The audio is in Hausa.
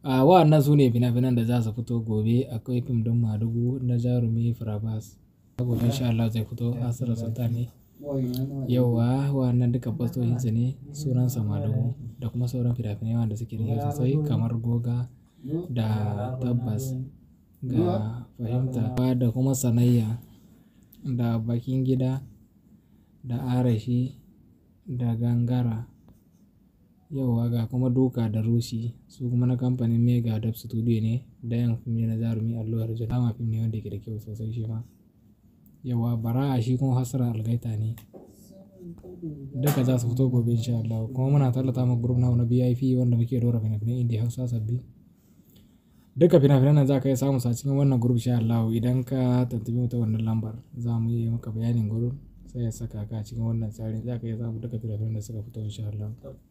A ah, wa'annan su ne fina-finan da za su fito gobe akwai fim ɗin Madugu na Jarumi Firabas a gobe sha Allah zai fito Hasiru Sultan ne. Yauwa wa'annan duka su ne sunansa Madugu da kuma sauran fina-finai wanda suke da sosai kamar Goga da Tabbas ga Fahimta da kuma Sanayya da Bakin Gida da Arashi da Gangara. Yauwa ga kuma Doka da rushi su kuma na kamfanin Mega Dub Studio ne. Dayan fim ne na Jarumi Allu Harjo. Drama fim ne wanda ke da kyau sosai shi ma. Yauwa a shi kuma hasara Algaita ne. Duka za su fito gobe in sha Allahu. Kuma muna tallata ma group na na VIP wanda muke dora fina-finan Indiya Hausa sabbi. Duka fina-finan nan za ka iya samu sa cikin wannan group sha Allah Idan ka tuntubi mu wannan lambar za mu yi maka bayanin group sai ya saka ka cikin wannan tsarin. Za ka iya samu duka fina-finan da suka fito in sha